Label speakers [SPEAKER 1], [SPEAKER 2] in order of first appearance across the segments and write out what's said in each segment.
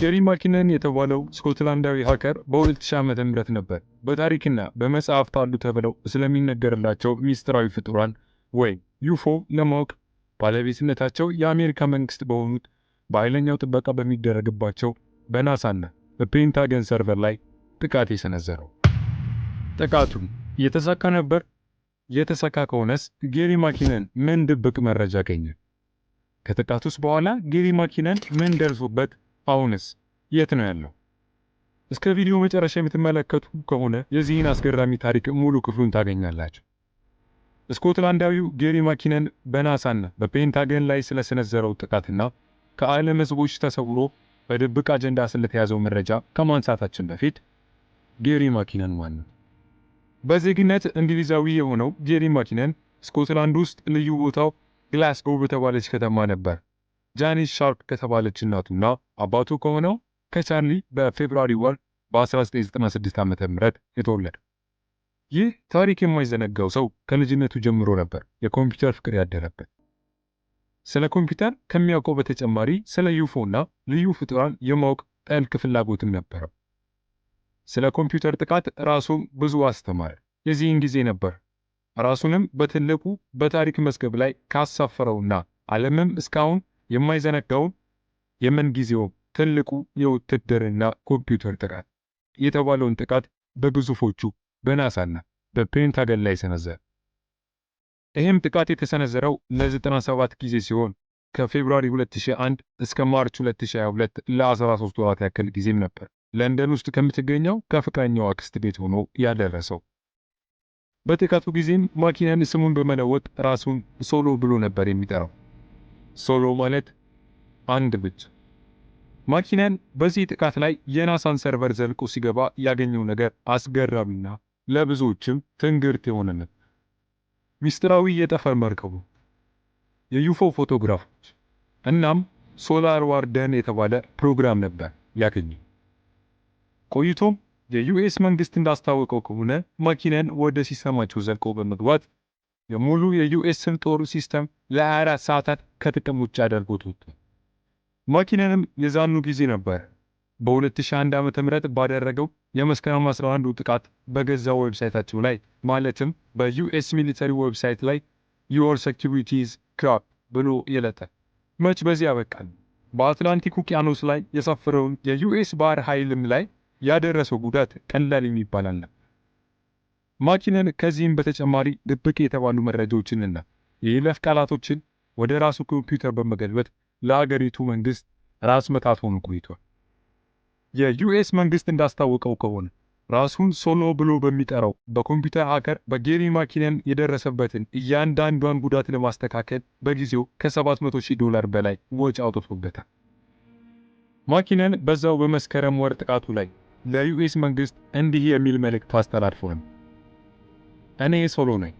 [SPEAKER 1] ጄሪ ማኪነን የተባለው ስኮትላንዳዊ ሀከር በ2000 ዓመተ ምህረት ነበር በታሪክና በመጽሐፍት አሉ ተብለው ስለሚነገርላቸው ሚስጥራዊ ፍጡራን ወይም ዩፎ ለማወቅ ባለቤትነታቸው የአሜሪካ መንግስት በሆኑት በኃይለኛው ጥበቃ በሚደረግባቸው በናሳና በፔንታገን ሰርቨር ላይ ጥቃት የሰነዘረው። ጥቃቱም የተሳካ ነበር? የተሳካ ከሆነስ ጌሪ ማኪነን ምን ድብቅ መረጃ አገኘ? ከጥቃቱስ በኋላ ጌሪ ማኪነን ምን ደርሶበት አሁንስ የት ነው ያለው? እስከ ቪዲዮ መጨረሻ የምትመለከቱ ከሆነ የዚህን አስገራሚ ታሪክ ሙሉ ክፍሉን ታገኛላችሁ። ስኮትላንዳዊው ጌሪ ማኪነን በናሳና በፔንታገን ላይ ስለሰነዘረው ጥቃትና ከዓለም ሕዝቦች ተሰውሮ በድብቅ አጀንዳ ስለተያዘው መረጃ ከማንሳታችን በፊት ጌሪ ማኪነን ማን በዜግነት እንግሊዛዊ የሆነው ጌሪ ማኪነን ስኮትላንድ ውስጥ ልዩ ቦታው ግላስጎ በተባለች ከተማ ነበር። ጃኒስ ሻርፕ ከተባለች እናቱና አባቱ ከሆነው ከቻርሊ በፌብሩዋሪ ወር በ1996 ዓ ም የተወለደ ይህ ታሪክ የማይዘነጋው ሰው ከልጅነቱ ጀምሮ ነበር የኮምፒውተር ፍቅር ያደረበት። ስለ ኮምፒውተር ከሚያውቀው በተጨማሪ ስለ ዩፎ እና ልዩ ፍጡራን የማወቅ ጠልቅ ፍላጎትም ነበረው። ስለ ኮምፒውተር ጥቃት ራሱም ብዙ አስተማረ። የዚህን ጊዜ ነበር ራሱንም በትልቁ በታሪክ መዝገብ ላይ ካሳፈረውና ዓለምም እስካሁን የማይዘነጋውም የምንጊዜው ትልቁ የውትድርና ኮምፒውተር ጥቃት የተባለውን ጥቃት በግዙፎቹ በናሳና በፔንታገን ላይ ሰነዘረ። ይህም ጥቃት የተሰነዘረው ለ97 ጊዜ ሲሆን ከፌብሩዋሪ 2001 እስከ ማርች 2022 ለ13 ወራት ያክል ጊዜም ነበር ለንደን ውስጥ ከምትገኘው ከፍቅረኛው አክስት ቤት ሆኖ ያደረሰው። በጥቃቱ ጊዜም ማኪናን ስሙን በመለወጥ ራሱን ሶሎ ብሎ ነበር የሚጠራው። ሶሎ ማለት አንድ ብቻ። ማኪነን በዚህ ጥቃት ላይ የናሳን ሰርቨር ዘልቆ ሲገባ ያገኘው ነገር አስገራሚና ለብዙዎችም ትንግርት የሆነነት ሚስጥራዊ የጠፈር መርከቡ የዩፎ ፎቶግራፎች እናም ሶላር ዋርደን የተባለ ፕሮግራም ነበር ያገኘ። ቆይቶም የዩኤስ መንግስት እንዳስታወቀው ከሆነ ማኪነን ወደ ሲሰማቸው ዘልቆ በመግባት የሙሉ የዩኤስን ጦር ሲስተም ለ24 ሰዓታት ከጥቅም ውጭ አደርጎት ወጡ። የዛኑ ጊዜ ነበር በ2001 ዓ ም ባደረገው የመስከረም 11 ጥቃት በገዛ ዌብሳይታቸው ላይ ማለትም በዩኤስ ሚሊተሪ ዌብሳይት ላይ ዩር ሴኪሪቲዝ ክራፕ ብሎ የለጠ። መች በዚህ ያበቃል። በአትላንቲክ ውቅያኖስ ላይ የሰፈረውን የዩኤስ ባህር ኃይልም ላይ ያደረሰው ጉዳት ቀላል የሚባል አልነበር። ማኪነን ከዚህም በተጨማሪ ድብቅ የተባሉ መረጃዎችንና የይለፍ ቃላቶችን ወደ ራሱ ኮምፒውተር በመገልበጥ ለአገሪቱ መንግስት ራስ መታት ሆኖ ቆይቷል። የዩኤስ መንግስት እንዳስታወቀው ከሆነ ራሱን ሶሎ ብሎ በሚጠራው በኮምፒውተር ሀከር በጌሪ ማኪነን የደረሰበትን እያንዳንዷን ጉዳት ለማስተካከል በጊዜው ከ700 ሺህ ዶላር በላይ ወጪ አውጥቶበታል። ማኪነን በዛው በመስከረም ወር ጥቃቱ ላይ ለዩኤስ መንግስት እንዲህ የሚል መልእክት አስተላልፎ እኔ ሶሎ ነኝ፣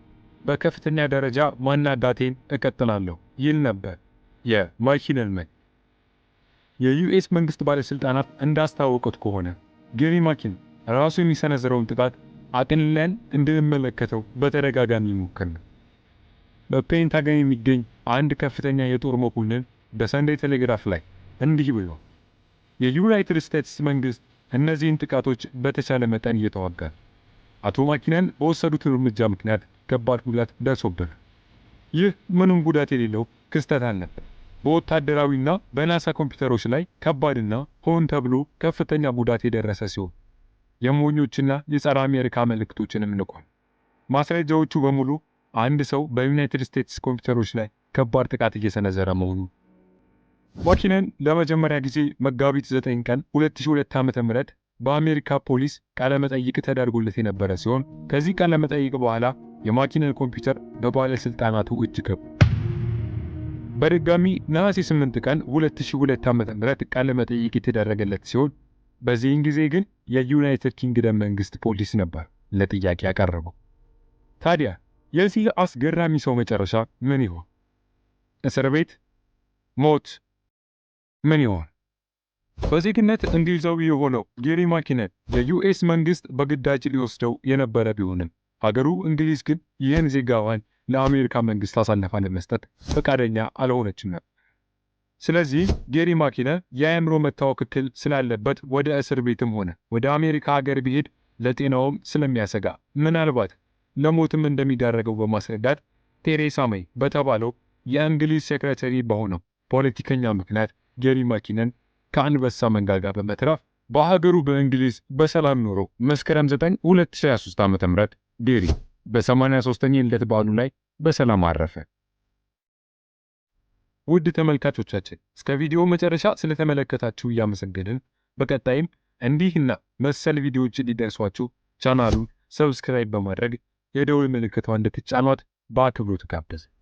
[SPEAKER 1] በከፍተኛ ደረጃ ማናዳቴን እቀጥላለሁ ይል ነበር። የማኪነል መን የዩኤስ መንግስት ባለሥልጣናት እንዳስታወቁት ከሆነ ጌሪ ማኪን ራሱ የሚሰነዝረውን ጥቃት አቅልለን እንድንመለከተው በተደጋጋሚ ይሞክር ነው። በፔንታገን የሚገኝ አንድ ከፍተኛ የጦር መኮንን በሰንደይ ቴሌግራፍ ላይ እንዲህ ብሎ የዩናይትድ ስቴትስ መንግሥት እነዚህን ጥቃቶች በተቻለ መጠን እየተዋጋ አቶ ማኪናን በወሰዱት እርምጃ ምክንያት ከባድ ጉዳት ደርሶበት፣ ይህ ምንም ጉዳት የሌለው ክስተት አልነበር። በወታደራዊና በናሳ ኮምፒውተሮች ላይ ከባድና ሆን ተብሎ ከፍተኛ ጉዳት የደረሰ ሲሆን የሞኞችና የጸረ አሜሪካ መልእክቶችንም ንቋል። ማስረጃዎቹ በሙሉ አንድ ሰው በዩናይትድ ስቴትስ ኮምፒውተሮች ላይ ከባድ ጥቃት እየሰነዘረ መሆኑ ማኪናን ለመጀመሪያ ጊዜ መጋቢት 9 ቀን 2002 ዓ.ም በአሜሪካ ፖሊስ ቃለመጠይቅ ተደርጎለት የነበረ ሲሆን ከዚህ ቃለመጠይቅ በኋላ የማኪንን ኮምፒውተር በባለስልጣናቱ እጅ ገቡ። በድጋሚ ነሐሴ 8 ቀን 2002 ዓ.ም ቃለመጠይቅ የተደረገለት ሲሆን በዚህን ጊዜ ግን የዩናይትድ ኪንግደም መንግስት ፖሊስ ነበር ለጥያቄ ያቀረበው። ታዲያ የዚህ አስገራሚ ሰው መጨረሻ ምን ይሆን? እስር ቤት? ሞት? ምን ይሆን? በዜግነት እንግሊዛዊ የሆነው ጌሪ ማኪነን የዩኤስ መንግስት በግዳጅ ሊወስደው የነበረ ቢሆንም ሀገሩ እንግሊዝ ግን ይህን ዜጋዋን ለአሜሪካ መንግስት አሳልፋ ለመስጠት ፈቃደኛ አልሆነችም ነበር። ስለዚህ ጌሪ ማኪነን የአእምሮ መታወክ እክል ስላለበት ወደ እስር ቤትም ሆነ ወደ አሜሪካ ሀገር ቢሄድ ለጤናውም ስለሚያሰጋ ምናልባት ለሞትም እንደሚዳረገው በማስረዳት ቴሬሳ ሜይ በተባለው የእንግሊዝ ሴክሬተሪ በሆነው ፖለቲከኛ ምክንያት ጌሪ ማኪነን ከአንበሳ ጋር በመትረፍ በሀገሩ በእንግሊዝ በሰላም ኖሮ መስከረም 9 2023 ዓ.ም ዴሪ በ83ኛ የልደት በዓሉ ላይ በሰላም አረፈ። ውድ ተመልካቾቻችን እስከ ቪዲዮ መጨረሻ ስለተመለከታችሁ እያመሰገንን በቀጣይም እንዲህና መሰል ቪዲዮዎች እንዲደርሷችሁ ቻናሉን ሰብስክራይብ በማድረግ የደውል ምልክቷን እንድትጫኗት በአክብሮት ጋበዝን።